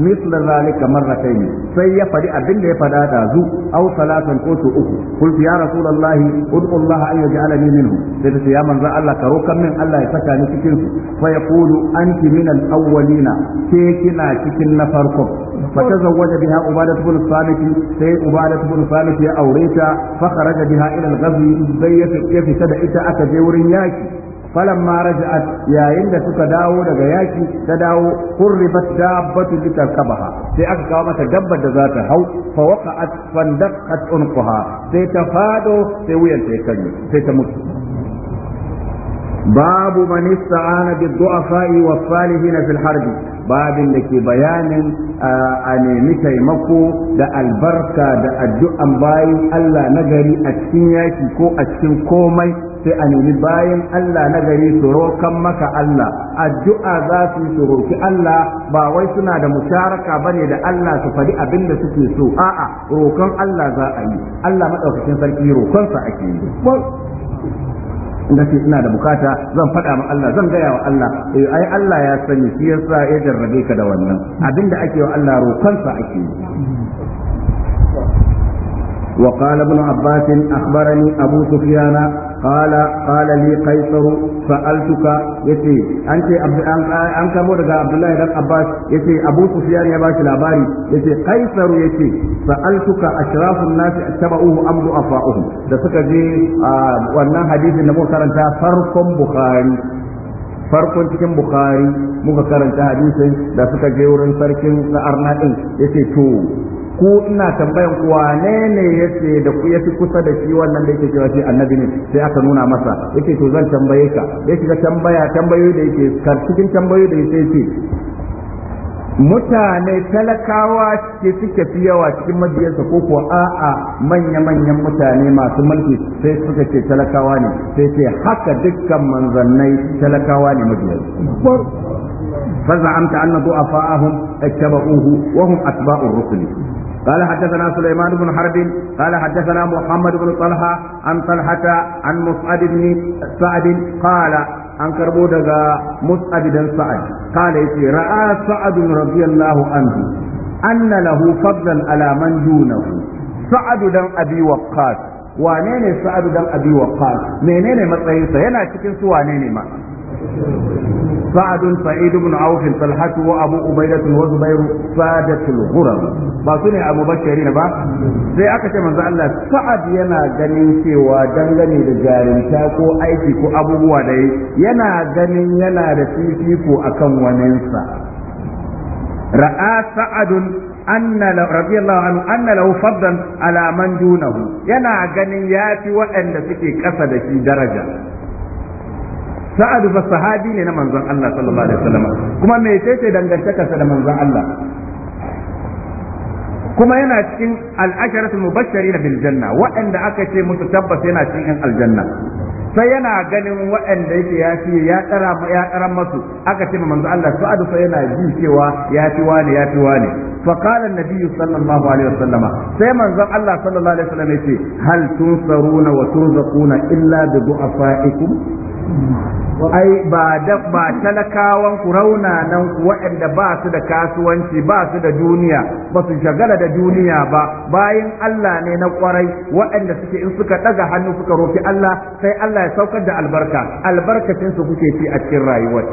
misla zalika ne sai ya faɗi abin da ya fada da zu aw salatan ko uku qultu ya rasulullah ud'u allah an yaj'alani minhu sai ta ya manzo allah karo kan min allah ya saka ni cikin su fa yaqulu anti min al awwalina ke kina cikin na farko فتزوج بها عبادة بن الصامت سي عبادة بن الصامت يا أوريتا فخرج بها إلى الغزو زي يفتد إتا أتجور ياكي فلما رجعت yayin da suka dawo daga yaki ta dawo qurribat dabbatu kabaha, sai aka kawo mata dabba da za ta hau fa waqa'at fandaqat unquha sai ta fado sai wuyan ta sai ta mutu babu man ista'ana bi du'afa'i wa salihin fil harbi babin da ke bayanin a nemi taimako da albarka da addu'an bayin Allah nagari a cikin yaki ko a cikin komai sai a nemi bayan Allah na gari su rokan maka Allah addu'a za su yi su roki Allah ba wai suna da musharaka bane da Allah su faɗi abin da suke so a'a rokan Allah za a yi Allah madaukakin sarki rokonsa ake yi nace ina da bukata zan faɗa ma Allah zan gaya wa Allah eh ai Allah ya sani shi yasa ya jarrabe ka da wannan abinda ake wa Allah roƙonsa ake yi وقال ابن عباس أخبرني أبو سفيان قال قال لي قيصر سألتك يتي أنت أنك ba shi labari بن عباس يتي أبو سفيان يا باشا العباري يتي قيصر يتي سألتك أشراف الناس اتبعوه أم ضعفاؤهم ده suka je wannan hadisin da muka karanta farkon Bukhari farkon cikin Bukhari muka karanta hadisin da suka je wurin sarkin na Arna'in yace to ko ina tambayan wane ne yace da ku yafi kusa da shi wannan da yake cewa shi annabi ne sai aka nuna masa yake to zan tambaye ka yake shiga tambaya tambayoyi da yake cikin tambayoyi da yake ce mutane talakawa ke suke fi yawa cikin majiyarsa ko kuwa a'a manya-manyan mutane masu mulki sai suka ce talakawa ne sai ce haka dukkan manzannai talakawa ne majiyarsa فزعمت أن ضعفاءهم اتبعوه وهم أتباع الرسل قال حدثنا سليمان بن حرب قال حدثنا محمد بن طلحة عن طلحة عن مصعد بن سعد قال عن كربودة مصعد بن سعد قال رأى سعد رضي الله عنه أن له فضلا على من دونه سعد بن أبي وقاص وانين سعد بن أبي وقاص منين مطعيسة هنا تكن سوانين ما Sa'adun Sa'idu bin Awsin Salahatu wa abu Umairu da sumayiru Sadiya da sulhurar. Ba su Sai aka ce manzu Allah. Sa'ad yana ganin cewa dangane da jarirta ko aiki ko abubuwa da yai yana ganin yana da fifiko ko akan wani sa. Raba Sa'adu, Rabi'u Allah, an nalahu farda alaman juna mu. Yana ganin ya fi waɗanda suke ƙasa da shi daraja. sa'ad fa sahabi ne na manzon Allah sallallahu alaihi wasallam kuma me ce dangantakarsa da manzon Allah kuma yana cikin al'asharatul mubashirin bil janna waɗanda aka ce musu tabbas yana cikin aljanna sai yana ganin waɗanda yake ya fi ya tsara ya tsara masu aka ce manzo Allah su'adu sai yana ji cewa ya fi wani ya fi wani fa qala an-nabi sallallahu alaihi wasallama sai manzo Allah sallallahu alaihi wasallama yace hal tunsaruna wa turzaquna illa bi du'afaikum ai ba da ba talakawan ku rauna nan ku waɗanda ba su da kasuwanci ba su da duniya ba su shagala da duniya ba bayan Allah ne na kwarai waɗanda suke in suka daga hannu suka roki Allah sai Allah ya saukar da albarka albarkacin su kuke ci a cikin rayuwar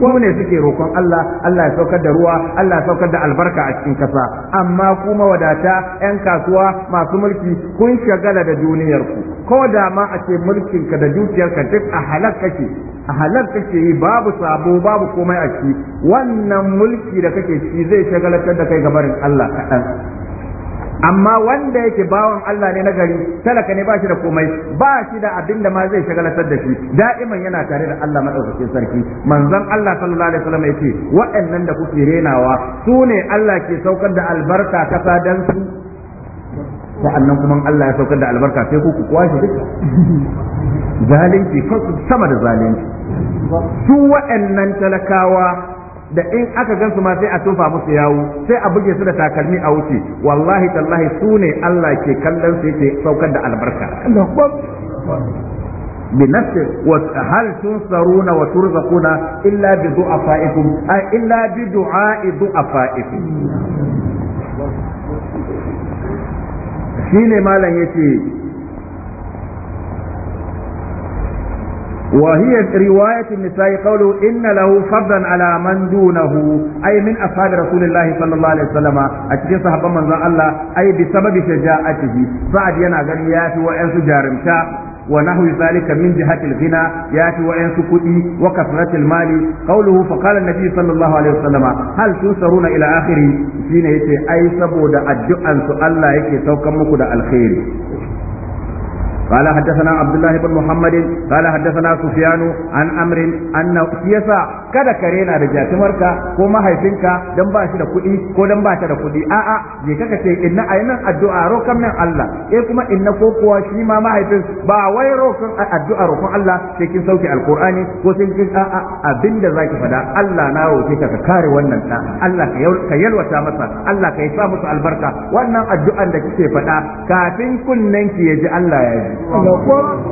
ko ne suke roƙon Allah Allah ya saukar da ruwa Allah ya saukar da albarka a cikin kasa amma kuma wadata yan kasuwa masu mulki kun shagala da duniyar ku ko da ma a ce mulkin ka da dukiyar ka duk a halak kake a halak kake yi babu sabo babu komai a ciki wannan mulki da kake ci zai shagalatar da kai gabarin Allah kaɗan amma wanda yake bawan Allah ne na gari talaka ne ba shi da komai ba shi da abin da ma zai shagalatar da shi da'iman yana tare da Allah madaukakin sarki manzon Allah sallallahu alaihi wasallam yace wa'annan da kuke renawa su ne Allah ke saukar da albarka ta dan su annan kuma Allah ya saukar da albarka sai ku ku kwashe duka zalunci sama da zalunci su wa'annan talakawa da in aka gansu ma sai a tofa musu yawo sai a buge su da takalmi a wuce wallahi tallahi su ne Allah ke kallon su yake saukar da albarka tunsaruna wa turzaquna illa bi du'afaikum ay illa bi du'a'i du'afaikum shine malam yace وهي رواية النساء قوله إن له فضلا على من دونه أي من أصحاب رسول الله صلى الله عليه وسلم أتكين صحابة من الله أي بسبب شجاعته بعد ينا غنيات وأنس جارمشا ونحو ذلك من جهة الغنى يأتي وإن سكوتي وكثرة المال قوله فقال النبي صلى الله عليه وسلم هل تنصرون إلى آخره شين يتي أي سبود أدعان سؤال الله يكي سوكمك الخير قال حدثنا عبد الله بن محمد قال حدثنا سفيان عن امر ان يسا kada kare na da jatimarka ko mahaifinka don ba shi da kuɗi ko dan ba ta da kuɗi a'a Jeka ka ce inna aynan addu'a rokan min Allah eh kuma inna ko kuwa shi ma mahaifin ba wai rokan addu'a rokan Allah sai kin sauke alqur'ani ko sai kin a'a abinda zaki fada Allah na roke ka ka kare wannan da Allah ka yalwata masa Allah ka yi sa musu albarka wannan addu'an da kike faɗa kafin kunnen ki ya ji Allah ya ji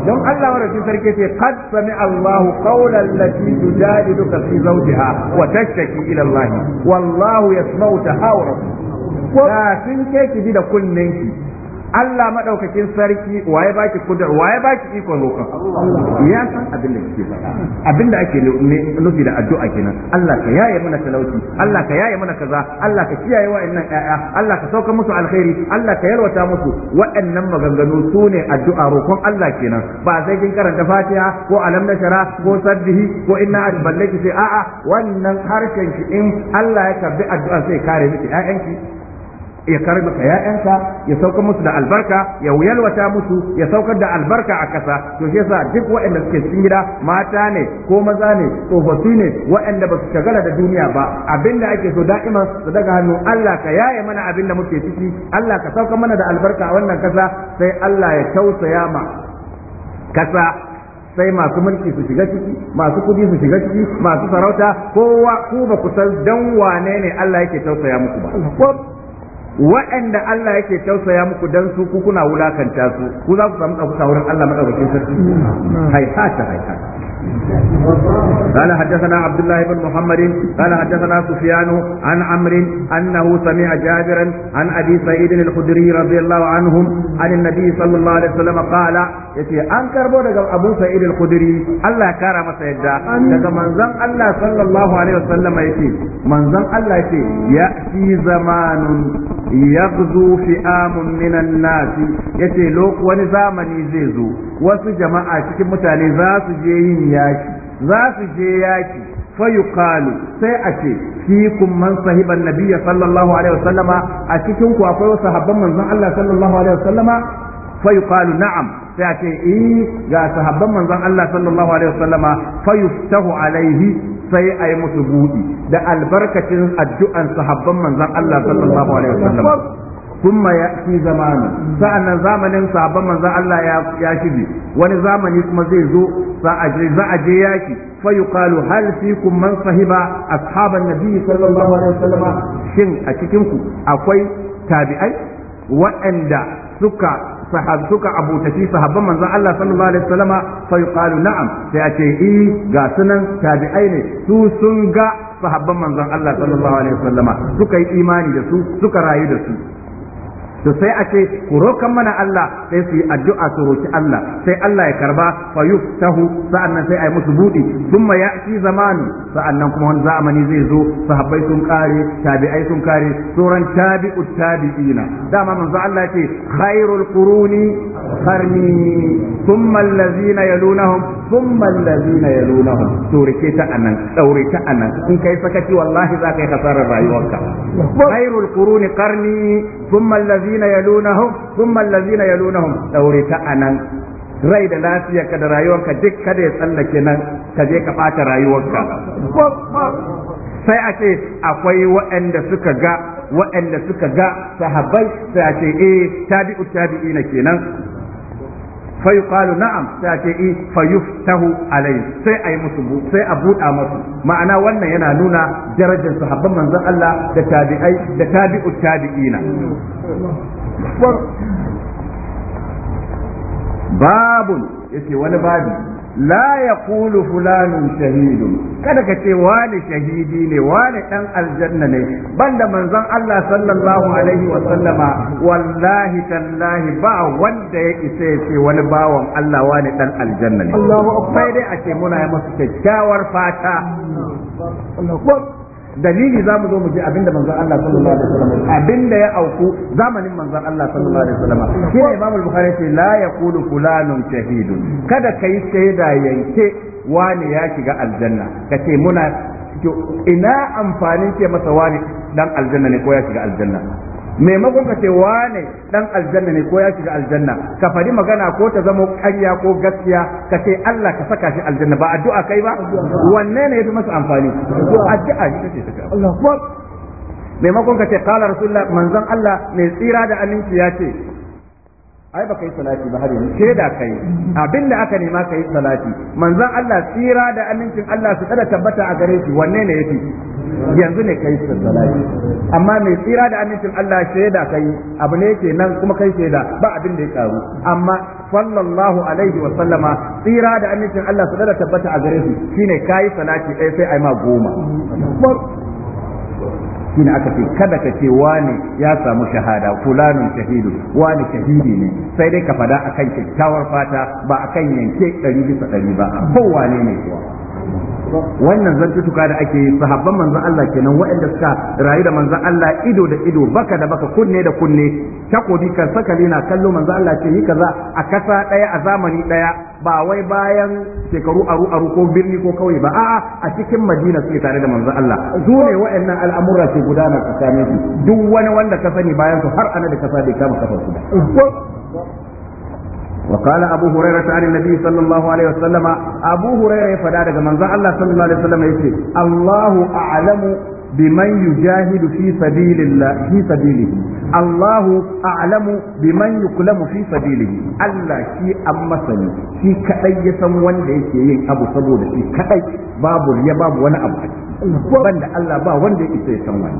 don Allah madaukin sarki ce qad sami Allahu qawlan lati tujadiluka fi zawjiha wa tashtaki ila Allah wallahu yasma'u tahawurakum da sun ke ki ji da kunnen ki Allah madaukakin sarki waye baki kudura waye baki ikon roƙon ya san abin da kike faɗa abin da ake nufi da addu'a kenan Allah ka yaye mana talauci Allah ka yaye mana kaza Allah ka kiyaye wa'annan ƴaƴa Allah ka sauka musu alkhairi Allah ka yarwata musu waɗannan maganganu su ne addu'a roƙon Allah kenan ba sai kin karanta Fatiha ko alam nashara ko sabbihi ko inna ballaki sai a'a wannan harshen ki in Allah ya karbi addu'a sai kare miki ƴaƴanki ya karba ka 'ya'yanka ya sauka musu da albarka ya yalwata musu ya saukar da albarka a kasa to shi yasa duk waɗanda suke cikin gida mata ne ko maza ne tsofaffi ne waɗanda ba su shagala da duniya ba abinda ake so da'iman su daga hannu Allah ka yaye mana abinda muke ciki Allah ka sauka mana da albarka a wannan kasa sai Allah ya tausaya ma kasa sai masu mulki su shiga ciki masu kudi su shiga ciki masu sarauta kowa ku ba ku san dan wane ne Allah yake tausaya muku ba waɗanda Allah yake tausaya muku dan su ku kuna wulakanta su ku za ku samu ɗaukaka wurin Allah madaukakin sarki haihata haihata قال حدثنا عبد الله بن محمد قال حدثنا سفيان عن عمرو انه سمع جابرا عن ابي سعيد الخدري رضي الله عنهم عن النبي صلى الله عليه وسلم قال yace an karbo daga Abu Sa'id al Allah ya kara masa yadda daga manzon Allah sallallahu alaihi wasallam yace manzon Allah yace ya fi zamanun yaghzu fi'amun minan nas yace lok wani zamani zai zo wasu jama'a cikin mutane za su je yin yaki za su je yaki fayuqalu sai a ce fikum man sahiba nabiyya sallallahu alaihi wasallama a cikin ku akwai sahabban manzon Allah sallallahu alaihi wasallama fayuqalu na'am sai a ce eh ga sahabban manzon Allah sallallahu alaihi wasallama fayuftahu alaihi sai a yi musu buɗi da albarkacin addu'an sahabban manzon Allah sallallahu alaihi wasallam ثم يأتي زمان فأنا زمن صعب من الله يا شبي wani zamani kuma zai zo za je yaki fayuqalu hal fikum man sahiba ashaban nabi shin a cikin ku akwai tabi'ai waɗanda suka sahab suka abutaci sahabban Allah sallallahu alaihi wasallam fayuqalu na'am sai a ce eh, ga sunan tabi'ai ne su sun ga sahabban manzon Allah sallallahu alaihi wasallama suka yi imani da su suka rayu da su to sai a ce ku rokan mana Allah sai su yi addu'a su roki Allah sai Allah ya karba fa yuftahu sa'annan sai ai musu budi thumma ya'ti zamanu sa'annan kuma wani zamani zai zo sahabbai sun kare tabi'ai sun kare sauran tabi'u tabi'ina dama manzo Allah ya ce khairul quruni qarni thumma allazina yalunahum thumma allazina yalunahum to ta anan daure ta anan in kai sakaci wallahi za ka yi hasarar rayuwarka khairul quruni qarni thumma allazina allazina yalunahum thumma allazina yalunahum daure ta anan rai da lafiyarka da rayuwarka duk kada ya tsallake nan ka je ka bata rayuwarka sai a ce akwai waɗanda suka ga waɗanda suka ga sahabbai sai a ce eh tabi'u tabi'ina kenan fa na'am sai ce i fa yuftahu alai sai a yi musu sai a buɗa musu ma'ana wannan yana nuna darajar su sahabban manzon Allah da tabi'ai da tabi'u tabi'ina babun yace wani babi la ya kulu fulanun shahidu kada ka ce wani shahidi ne wani dan aljanna ne banda manzon Allah sallallahu alaihi wa sallama wallahi tallahi ba wanda ya isa ya ce wani bawan Allah wani dan aljanna ne Allahu akbar sai dai a ce muna yi masa kyakkyawar fata dalili za mu zo mu ji abinda manzon Allah sallallahu alaihi wasallam abinda ya auku zamanin manzon Allah sallallahu alaihi wasallam shi ne Imam Bukhari ce la yaqulu fulanun shahidun kada kai shaida yanke wani ya shiga aljanna kace muna ina amfani ce masa wani dan aljanna ne ko ya shiga aljanna maimakon ka ce wane dan aljanna ne ko ya shiga aljanna ka fadi magana ko ta zama ƙarya ko gaskiya ka ce Allah ka saka shi aljanna ba addu'a kai ba wanne ne yafi masa amfani addu'a ita ce ta Allah maimakon ka ce qala rasulullah manzon Allah mai tsira da aminci ya ce ai baka yi salati ba har yanzu ke da kai abinda aka nema ka yi salati manzon Allah tsira da amincin Allah su kada tabbata a gare shi wanne ne yafi yanzu ne kai su salati amma mai tsira da amincin Allah shaida kai abu ne yake nan kuma kai shaida ba abin da ya karu amma sallallahu alaihi wa sallama tsira da amincin Allah su da tabbata a gare su shine kai salati ɗaya sai ai ma goma shine aka ce kada ka ce wani ya samu shahada fulanun shahidu wani shahidi ne sai dai ka fada akan kyakkyawar fata ba akan yanke ɗari bisa ɗari ba kowane ne kuwa wannan zantutuka da ake yi sahabban manzan Allah kenan waɗanda suka rayu da manzon Allah ido da ido baka da baka kunne da kunne takobi kan sakali na kallo manzon Allah ce yi kaza a kasa ɗaya a zamani ɗaya ba wai bayan shekaru aru aru ko birni ko kauye ba a'a a cikin Madina suke tare da manzon Allah su ne waɗannan al'amura ke gudana tsakanin su duk wani wanda ka sani bayan su har ana da kasa bai kama kafar su وقال أبو هريرة عن النبي صلى الله عليه وسلم أبو هريرة فدارك من الله صلى الله عليه وسلم يقول الله أعلم بمن يجاهد في سبيل الله في سبيله الله أعلم بمن يقلم في سبيله الله شيء أما سني شيء كأي سموان ليس يين أبو سبود شيء كأي باب يا باب وانا أبو بند الله باب وانا إسي سموان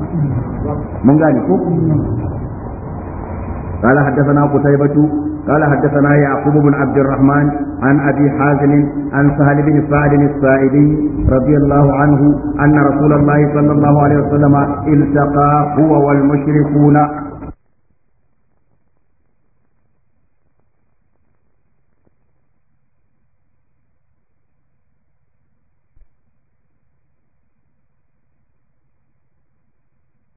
من قال قال حدثنا قتيبة قال حدثنا يعقوب بن عبد الرحمن عن أبي حازم عن سهل بن سعد الساعدي رضي الله عنه أن رسول الله صلى الله عليه وسلم التقى هو والمشركون